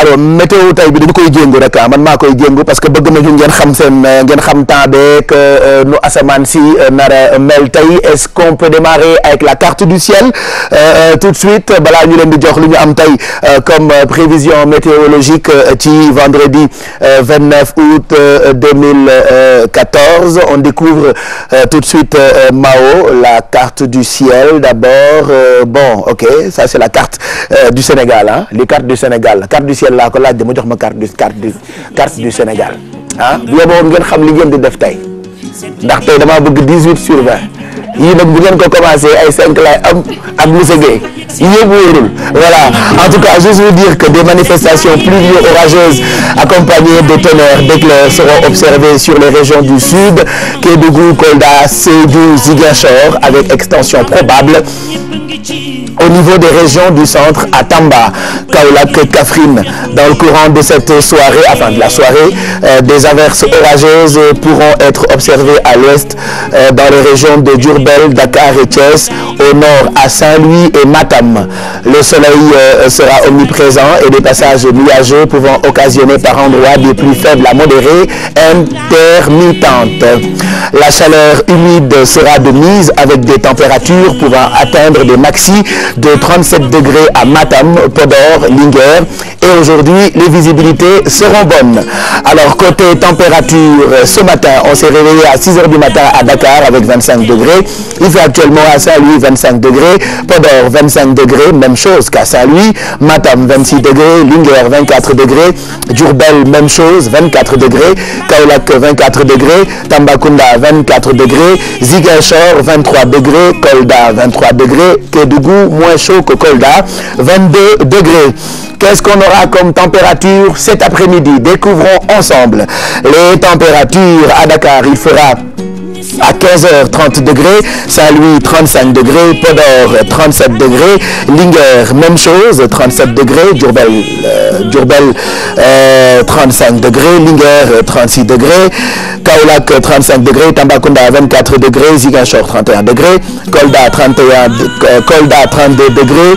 alors météo tay bi dañu koy jéngu rek ah, man maa koy jéngu parce que bëgg nañu ngeen xam seen euh, ngeen xam temps beeg euh, euh, nu asamaan si nara mel tey est-ce qu'on peut démarrer avec la tout de suite ñu leen di jox lu ñu am tey comme prévision météorologique ci vendredi 29 août 2014 on découvre tout de suite Mao la carte du ciel d'abord bon la carte du Sénégal hein les Thiel laa ko laaj ma carte du carte du carte du Sénégal ah bu yeboo ngeen xam li ngeen di def tey ndax tey damaa bëgg 18 sur 20 yii bu ngeen ko commencé ay 5 laay am ak Moussa Gueye yëpp wóorul voilà en tout cas juste vous dire que des manifestations pluvio-orageuses accompagnées de tonnerres d'éclairs seront observées sur les régions du sud Kédougou, Kolda, Sédhiou, Ziguinchor avec extension probable au niveau des régions du centre à Tamba, Kaolack, Kaffrine. Dans le courant de cette soirée, enfin de la soirée, euh, des averses orageuses pourront être observées à l'ouest euh, dans les régions de Diourbel, Dakar et Thiès, au nord à Saint-Louis et Matam. Le soleil euh, sera omniprésent et des passages nuageux pouvant occasionner par endroits des plus faibles à modérés intermittentes. La chaleur humide sera de mise avec des températures pouvant atteindre des maxi de 37 degrés à Matam, Podor, Linguère et aujourd'hui, les visibilités seront bonnes. Alors, euh, on s'est réveillé à 6 h du matin à Dakar avec 25 degrés. Il fait actuellement à Saint-Louis 25 degrés, même chose qu'à Saint-Louis, Matam 26 degrés, Linguère 24 degrés, Djurbel même chose, 24 degrés, Kaolack 24 degrés, Tambacounda 24 degrés, Ziguinchor 23 degrés, Kolda aura comme température cet après-midi. Découvrons ensemble les températures à Dakar. Il fera à 15h 30 degrés, Saint-Louis 35 degrés, Podor 37 degrés, Linguère même chose 37 degrés, Diourbel euh, Diourbel euh, 35 degrés, Linguère 36 degrés, Kaolack 35 degrés, Tambacounda 24 degrés, Ziguinchor 31 degrés, Kolda 31 euh, Kolda 32 degrés,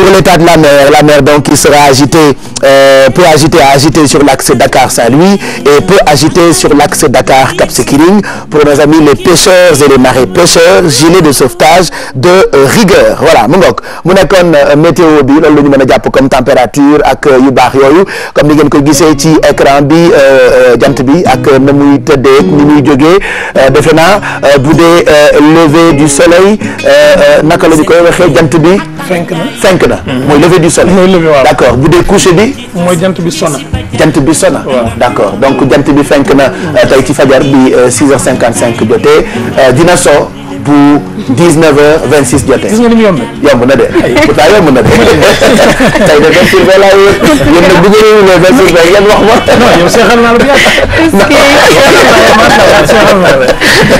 pour l'état de la mer, la mer donc qui sera agitée, euh, agité agitée à agiter sur l'axe Dakar-Saint-Louis et peu agitée sur l'axe Dakar-Cap-Skirring. Pour nos amis les pêcheurs et les marées pêcheurs, gilet de sauvetage de rigueur. Voilà mu ngoog mu nekkoon euh, météo bi loolu la ñu mën a jàpp comme température ak euh, yu baax yooyu comme ni ngeen ko gisee ci écran bi euh, jant bi ak na muy tëddee ni muy jógee defe naa bu dee lever du soleil naka la ñu jant bi. fenk na. Mhm. mooy lever du soleil. mooy lever waaw d' accord bu dee coucher bi. mooy jant bi sona. jant accord donc jant bi fenk na euh, tey ci fajar bi 6h55 euh, jotee euh, dina so bu 19h26 jotee. gis nga ni mu yomb. na de pourtant yomb na de tey de vingt six vingt laa wër yéen nag bu ngeen yëngulee vingt six vingt ngeen wax ma. non yow seexal naa la bu yàgg. est